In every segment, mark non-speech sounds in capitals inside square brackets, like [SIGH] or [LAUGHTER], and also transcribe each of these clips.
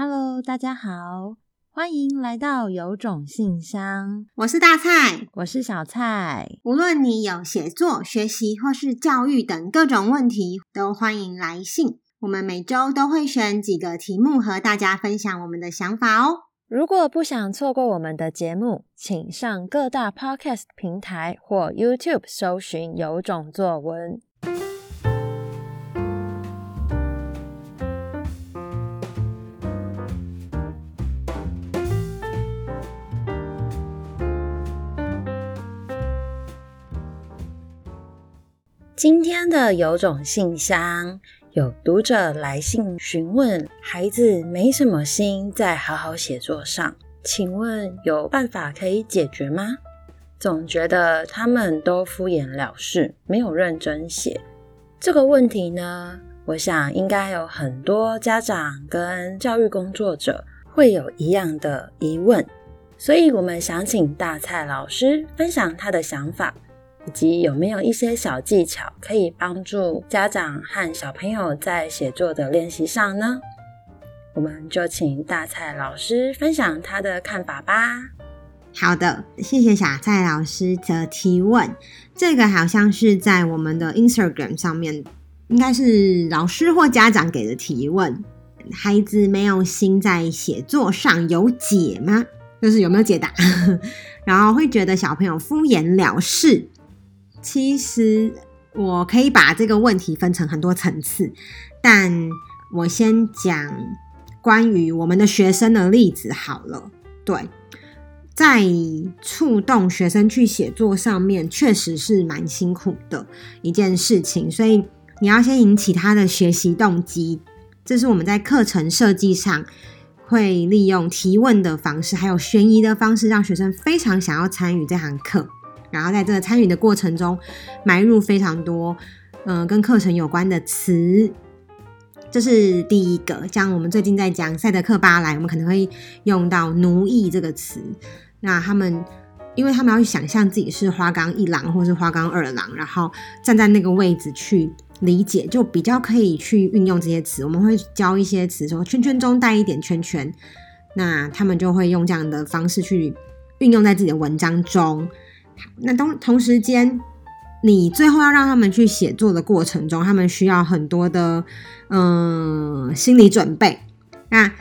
Hello，大家好，歡迎來到有種信箱。我是大蔡，我是小蔡。無論你有寫作、學習或是教育等各種問題，都歡迎來信。我們每周都會選幾個題目和大家分享我們的想法哦。如果不想錯過我們的節目，請上各大 Podcast 平台或 YouTube 搜尋“有種作文”。今天的有種信箱，有讀者來信詢問，孩子沒什麼心在好好寫作上，請問有辦法可以解決嗎？總覺得他們都敷衍了事，沒有認真寫。這個問題呢，我想應該有很多家長跟教育工作者會有一樣的疑問，所以我們想請大蔡老師分享他的想法。以及有沒有一些小技巧可以幫助家長和小朋友在寫作的練習上呢？我們就請大蔡老師分享他的看法吧。好的，謝謝小蔡老師的提問。這個好像是在我們的 Instagram 上面，應該是老師或家長給的提問。孩子沒有心在寫作上有解嗎？就是有沒有解答？ [LAUGHS] 然後會覺得小朋友敷衍了事。其實我可以把這個問題分成很多層次，但我先講關於我們的學生的例子好了。對，在觸動學生去寫作上面，確實是蠻辛苦的一件事情，所以你要先引起他的學習動機。這是我們在課程設計上會利用提問的方式，還有懸疑的方式，讓學生非常想要參與這堂課。然後在這個參與的過程中，埋入非常多嗯、呃、跟課程有關的詞，這是第一個。像我們最近在講賽德克巴萊，我們可能會用到“奴役”這個詞。那他們，因為他們要想象自己是花岡一郎或是花岡二郎，然後站在那個位置去理解，就比較可以去運用這些詞。我們會教一些詞，說“圈圈”中帶一點“圈圈”，那他們就會用這樣的方式去運用在自己的文章中。那同同時間，你最後要讓他們去寫作的過程中，他們需要很多的嗯、呃、心理準備。那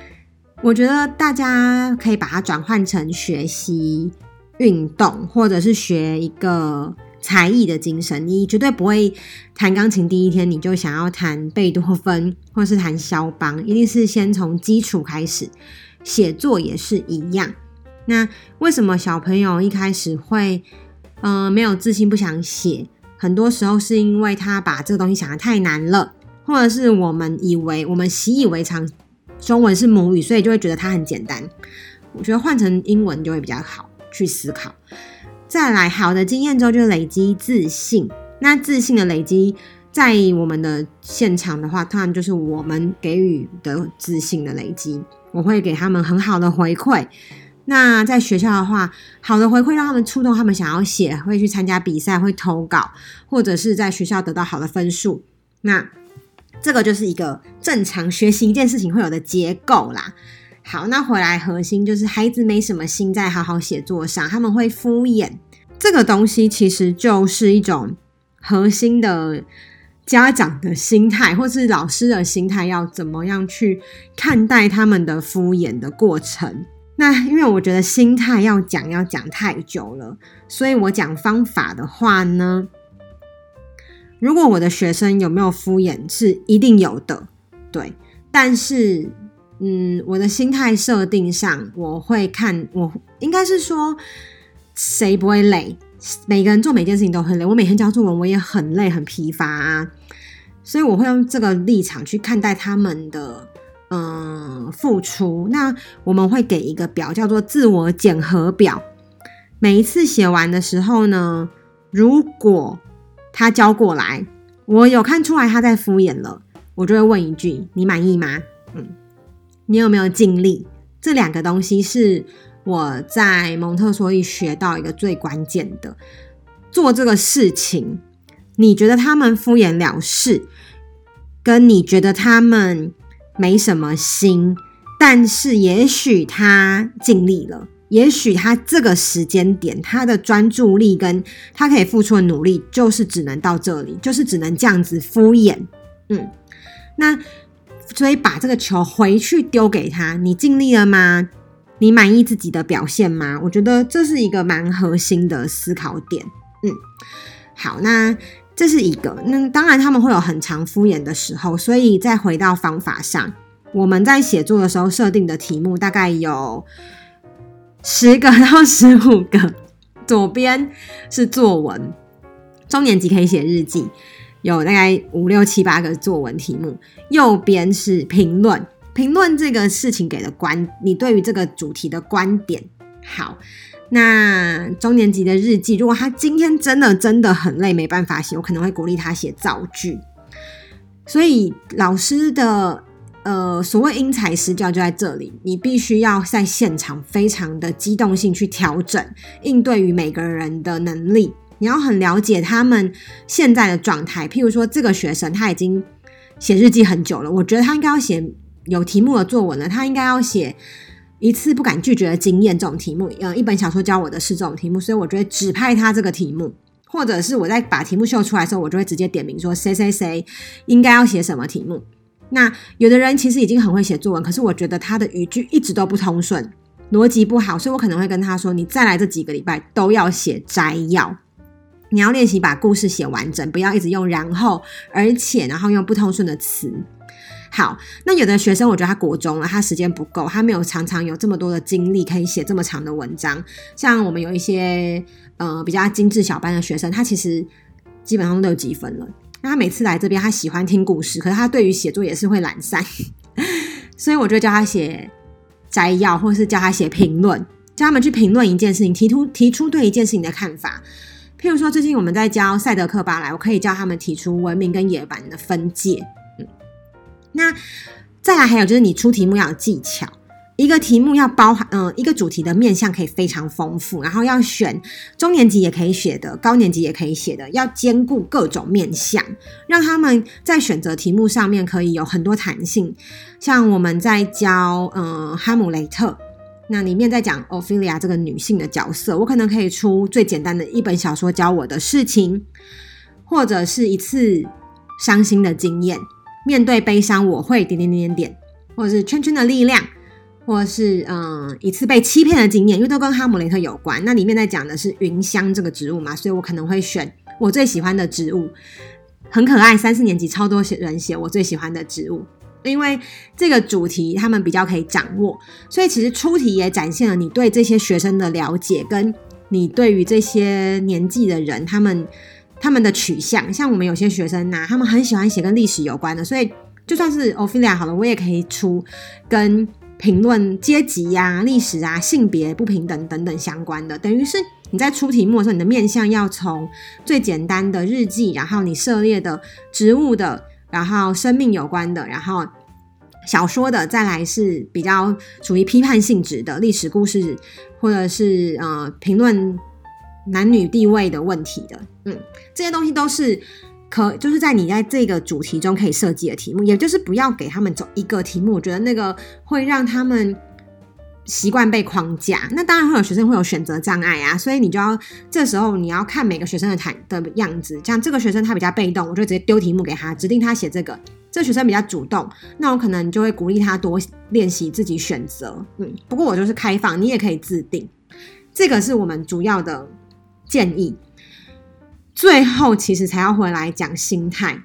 我覺得大家可以把它轉換成學習運動，或者是學一個才藝的精神。你絕對不會彈鋼琴第一天你就想要彈貝多芬，或是彈肖邦，一定是先從基礎開始。寫作也是一樣。那為什麼小朋友一開始會？嗯、呃，沒有自信不想寫，很多時候是因為他把這個東西想得太難了，或者是我們以為我們習以為常，中文是母語，所以就會覺得它很簡單。我覺得換成英文就會比較好去思考。再來，好的經驗之後就累積自信，那自信的累積在我們的現場的話，當然就是我們給予的自信的累積，我會給他們很好的回饋。那在學校的話，好的回饋讓他們觸動，他們想要寫，會去參加比賽，會投稿，或者是在學校得到好的分數。那這個就是一個正常學習一件事情會有的結構啦。好，那回來核心就是孩子沒什麼心在好好寫作上，他們會敷衍。這個東西其實就是一種核心的家長的心態，或是老師的心態，要怎麼樣去看待他們的敷衍的過程。那因為我覺得心態要講要講太久了，所以我講方法的話呢，如果我的學生有沒有敷衍，是一定有的，對，但是嗯，我的心態設定上，我會看，我應該是說，誰不會累，每個人做每件事情都很累，我每天教作文我也很累很疲乏啊，所以我會用這個立場去看待他們的付出，那我們會給一個表，叫做自我檢核表。每一次寫完的時候呢，如果他交過來，我有看出來他在敷衍了，我就會問一句：“你滿意嗎？”嗯，你有沒有盡力？這兩個東西是我在蒙特梭利學到一個最關鍵的。做這個事情，你覺得他們敷衍了事，跟你覺得他們，沒什麼心，但是也許他盡力了，也許他這個時間點他的專注力跟他可以付出的努力，就是只能到這裡，就是只能這樣子敷衍，嗯，那所以把這個球回去丟給他，你盡力了嗎？你滿意自己的表現嗎？我覺得這是一個蠻核心的思考點，嗯，好，那。這是一個，那、嗯、當然他們會有很長敷衍的時候，所以再回到方法上，我們在寫作的時候設定的題目大概有十個到十五個。左邊是作文，中年級可以寫日記，有大概五六七八個作文題目。右邊是評論，評論這個事情給的觀，你對於這個主題的觀點，好。那中年級的日記，如果他今天真的真的很累，沒辦法寫，我可能會鼓勵他寫造句。所以老師的呃所謂因材施教就在這裡，你必須要在現場非常的機動性去調整，應對於每個人的能力。你要很了解他們現在的狀態。譬如說，這個學生他已經寫日記很久了，我覺得他應該要寫有題目的作文了，他應該要寫。一次不敢拒絕的經驗這種題目，嗯，一本小說教我的事這種題目，所以我覺得指派他這個題目，或者是我在把題目秀出來的時候，我就會直接點名說誰誰誰應該要寫什麼題目。那有的人其實已經很會寫作文，可是我覺得他的語句一直都不通順，邏輯不好，所以我可能會跟他說，你再來這幾個禮拜都要寫摘要，你要練習把故事寫完整，不要一直用然後而且然後用不通順的詞。好，那有的學生，我覺得他國中了，他時間不夠，他沒有常常有這麼多的精力可以寫這麼長的文章。像我們有一些、呃、比較精緻小班的學生，他其實基本上都有幾分了。那他每次來這邊，他喜歡聽故事，可是他對於寫作也是會懶散， [LAUGHS] 所以我就教他寫摘要，或者是教他寫評論，教他們去評論一件事情，提出提出對一件事情的看法。譬如說，最近我們在教賽德克巴萊，我可以教他們提出文明跟野蠻的分界。那再來還有就是，你出題目要有技巧。一個題目要包含，嗯、呃，一個主題的面向可以非常豐富。然後要選中年級也可以寫的，高年級也可以寫的，要兼顧各種面向，讓他們在選擇題目上面可以有很多彈性。像我們在教，嗯、呃，《哈姆雷特》，那裡面在講奧菲利亞這個女性的角色，我可能可以出最簡單的一本小說教我的事情，或者是一次傷心的經驗。面對悲傷，我會點點點點點，或者是圈圈的力量，或者是嗯、呃、一次被欺騙的經驗，因為都跟哈姆雷特有關。那裡面在講的是雲香這個植物嘛，所以我可能會選我最喜歡的植物，很可愛。三四年級超多人寫我最喜歡的植物，因為這個主題他們比較可以掌握，所以其實出題也展現了你對這些學生的了解，跟你對於這些年紀的人他們。他們的取向，像我們有些學生吶、啊，他們很喜歡寫跟歷史有關的，所以就算是 Ophelia 好了，我也可以出跟評論階級呀、啊、歷史啊、性別不平等等等相關的。等於是你在出題目的時候，你的面向要從最簡單的日記，然後你涉獵的植物的，然後生命有關的，然後小說的，再來是比較屬於批判性質的歷史故事，或者是呃評論。男女地位的問題的，嗯，這些東西都是可就是在你在這個主題中可以設計的題目，也就是不要給他們走一個題目，我覺得那個會讓他們習慣被框架。那當然會有學生會有選擇障礙啊，所以你就要這時候你要看每個學生的態的樣子，像這個學生他比較被動，我就直接丟題目給他，指定他寫這個。這學生比較主動，那我可能就會鼓勵他多練習自己選擇。嗯，不過我就是開放，你也可以自定。這個是我們主要的。建議最後其實才要回來講心態。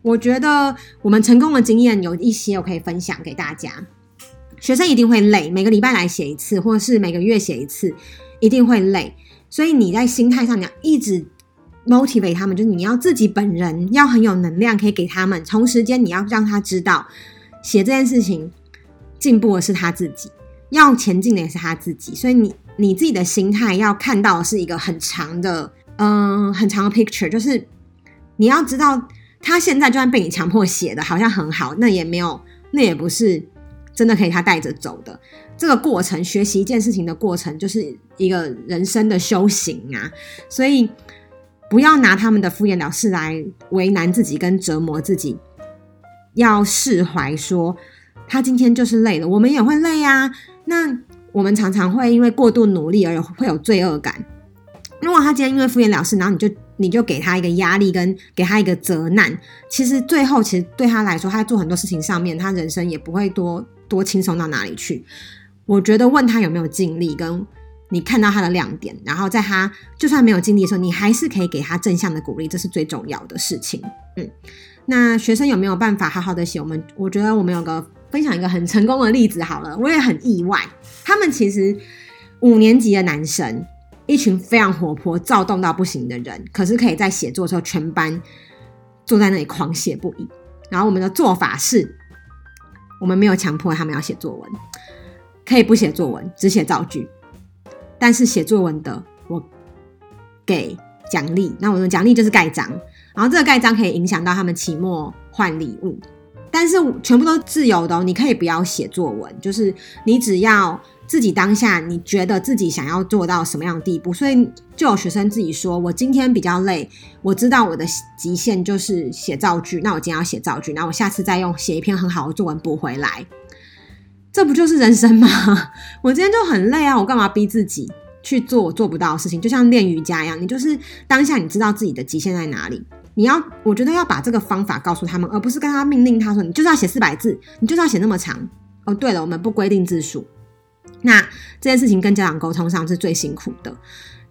我覺得我們成功的經驗有一些我可以分享給大家。學生一定會累，每個禮拜來寫一次，或者是每個月寫一次，一定會累。所以你在心態上你要一直 motivate 他們，就是你要自己本人要很有能量，可以給他們。同時間你要讓他知道，寫這件事情進步的是他自己，要前進的也是他自己。所以你。你自己的心態要看到是一個很長的，嗯、呃，很長的 picture，就是你要知道，他現在就算被你強迫寫的，好像很好，那也沒有，那也不是真的可以他帶着走的。這個過程，學習一件事情的過程，就是一個人生的修行啊。所以不要拿他們的敷衍了事來為難自己跟折磨自己，要釋懷，說他今天就是累了，我們也會累啊。那。我們常常會因為過度努力而會有罪惡感。如果他今天因為敷衍了事，然後你就你就給他一個壓力跟給他一個責難，其實最後其實對他來說，他做很多事情上面，他人生也不會多多輕鬆到哪裡去。我覺得問他有沒有盡力，跟你看到他的亮點，然後在他就算沒有盡力的時候，你還是可以給他正向的鼓勵，這是最重要的事情。嗯，那學生有沒有辦法好好的寫？我們我覺得我們有個。分享一個很成功的例子好了，我也很意外，他們其實五年級的男生，一群非常活潑、躁動到不行的人，可是可以在寫作的時候，全班坐在那裡狂寫不已。然後我們的做法是，我們沒有強迫他們要寫作文，可以不寫作文，只寫造句。但是寫作文的，我給獎勵。那我們的獎勵就是蓋章，然後這個蓋章可以影響到他們期末換禮物。但是全部都自由的哦，你可以不要寫作文，就是你只要自己當下，你覺得自己想要做到什麼樣的地步，所以就有學生自己說：“我今天比較累，我知道我的極限就是寫造句，那我今天要寫造句，那我下次再用寫一篇很好的作文補回來。”這不就是人生嗎？我今天就很累啊，我幹嘛逼自己去做我做不到的事情？就像練瑜伽一樣，你就是當下你知道自己的極限在哪裡。你要，我覺得要把這個方法告訴他們，而不是跟他命令，他說：“你就是要寫四百字，你就是要寫那麼長。”哦，對了，我們不規定字數。那這件事情跟家長溝通上是最辛苦的。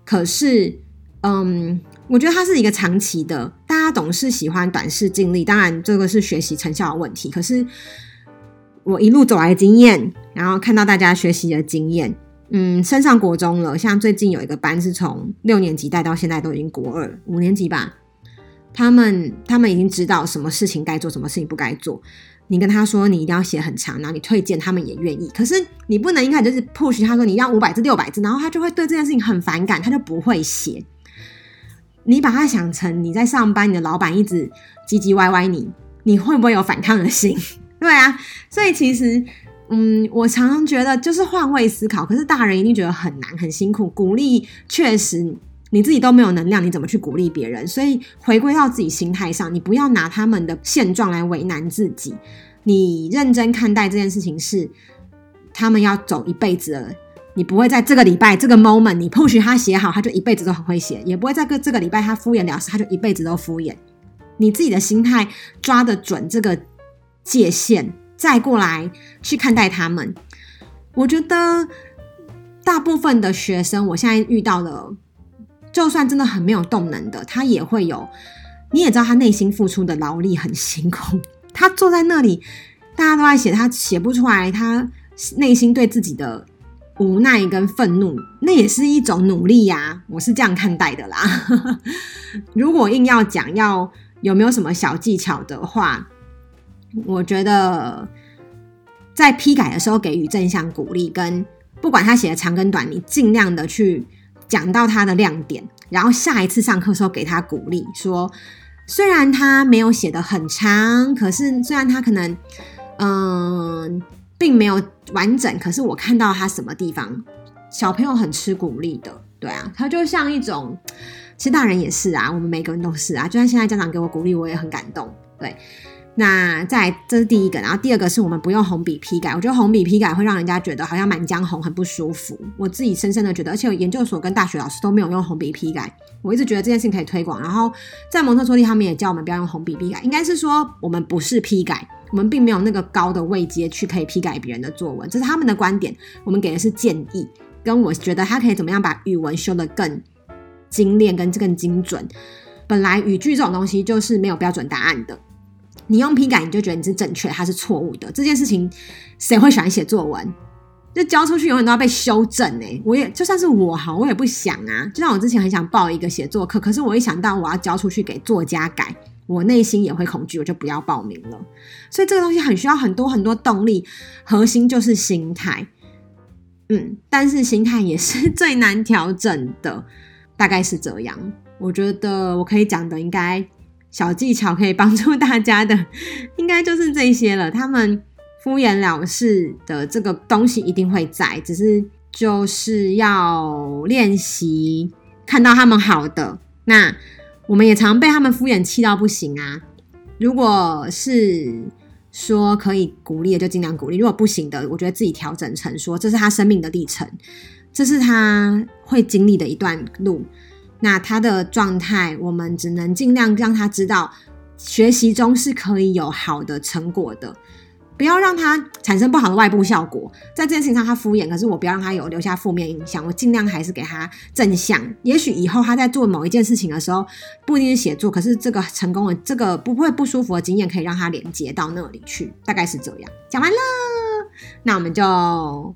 可是，嗯，我覺得他是一個長期的，大家總是喜歡短視近利，當然這個是學習成效的問題。可是我一路走來的經驗，然後看到大家學習的經驗，嗯，升上國中了，像最近有一個班是從六年級帶到現在，都已經國二五年級吧。他們他們已經知道什麼事情該做，什麼事情不該做。你跟他說你一定要寫很長，然後你推薦，他們也願意。可是你不能一開始就是 push 他說你要五百字、六百字，然後他就會對這件事情很反感，他就不會寫。你把他想成你在上班，你的老闆一直唧唧歪歪你，你會不會有反抗的心？ [LAUGHS] 對啊，所以其實嗯，我常常覺得就是換位思考，可是大人一定覺得很難很辛苦，鼓勵確實。你自己都沒有能量，你怎麼去鼓勵別人？所以回歸到自己心態上，你不要拿他們的現狀來為難自己。你認真看待這件事情是，是他們要走一輩子了。你不會在這個禮拜，這個 moment，你 push 他寫好，他就一輩子都很會寫；也不會在個這個禮拜他敷衍了事，他就一輩子都敷衍。你自己的心態抓得準這個界限，再過來去看待他們。我覺得大部分的學生，我現在遇到了。就算真的很沒有動能的，他也會有。你也知道，他內心付出的勞力很辛苦。他坐在那裡，大家都在寫，他寫不出來。他內心對自己的無奈跟憤怒，那也是一種努力呀、啊。我是這樣看待的啦。 [LAUGHS] 如果硬要講要有沒有什麼小技巧的話，我覺得在批改的時候給予正向鼓勵，跟不管他寫的長跟短，你盡量的去。講到他的亮點，然後下一次上課的時候給他鼓勵說，說雖然他沒有寫的很長，可是雖然他可能嗯、呃、並沒有完整，可是我看到他什麼地方，小朋友很吃鼓勵的，對啊，他就像一種，其實大人也是啊，我們每個人都是啊，就算現在家長給我鼓勵，我也很感動，對。那再來，這是第一個，然後第二個是我們不用紅筆批改。我覺得紅筆批改會讓人家覺得好像滿江紅很不舒服。我自己深深的覺得，而且我研究所跟大學老師都沒有用紅筆批改。我一直覺得這件事情可以推廣。然後在蒙特梭利，他們也叫我們不要用紅筆批改。應該是說我們不是批改，我們並沒有那個高的位階去可以批改別人的作文，這是他們的觀點。我們給的是建議，跟我覺得他可以怎麼樣把語文修得更精煉跟更精準。本來語句這種東西就是沒有標準答案的。你用批改，你就覺得你是正確，他是錯誤的。這件事情，誰會喜歡寫作文？就交出去永遠都要被修正誒、欸，我也就算是我，好，我也不想啊。就像我之前很想報一個寫作課，可是我一想到我要交出去給作家改，我內心也會恐懼，我就不要報名了。所以這個東西很需要很多很多動力，核心就是心態。嗯，但是心態也是最難調整的，大概是這樣。我覺得我可以講的應該。小技巧可以幫助大家的，應該就是這些了。他們敷衍了事的這個東西一定會在，只是就是要練習看到他們好的。那我們也常被他們敷衍氣到不行啊。如果是說可以鼓勵的，就盡量鼓勵；如果不行的，我覺得自己調整成說，這是他生命的歷程，這是他會經歷的一段路。那他的狀態，我們只能盡量讓他知道，學習中是可以有好的成果的，不要讓他產生不好的外部效果。在這件事情上，他敷衍，可是我不要讓他有留下負面影響，我盡量還是給他正向。也許以後他在做某一件事情的時候，不一定是寫作，可是這個成功的、這個不會不舒服的經驗，可以讓他連接到那裡去。大概是這樣。講完了，那我們就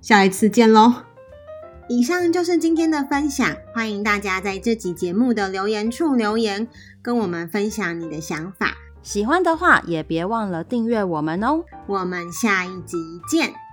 下一次見嘍。以上就是今天的分享，歡迎大家在這集節目的留言處留言，跟我們分享你的想法。喜歡的話也別忘了訂閱我們哦，我們下一集見。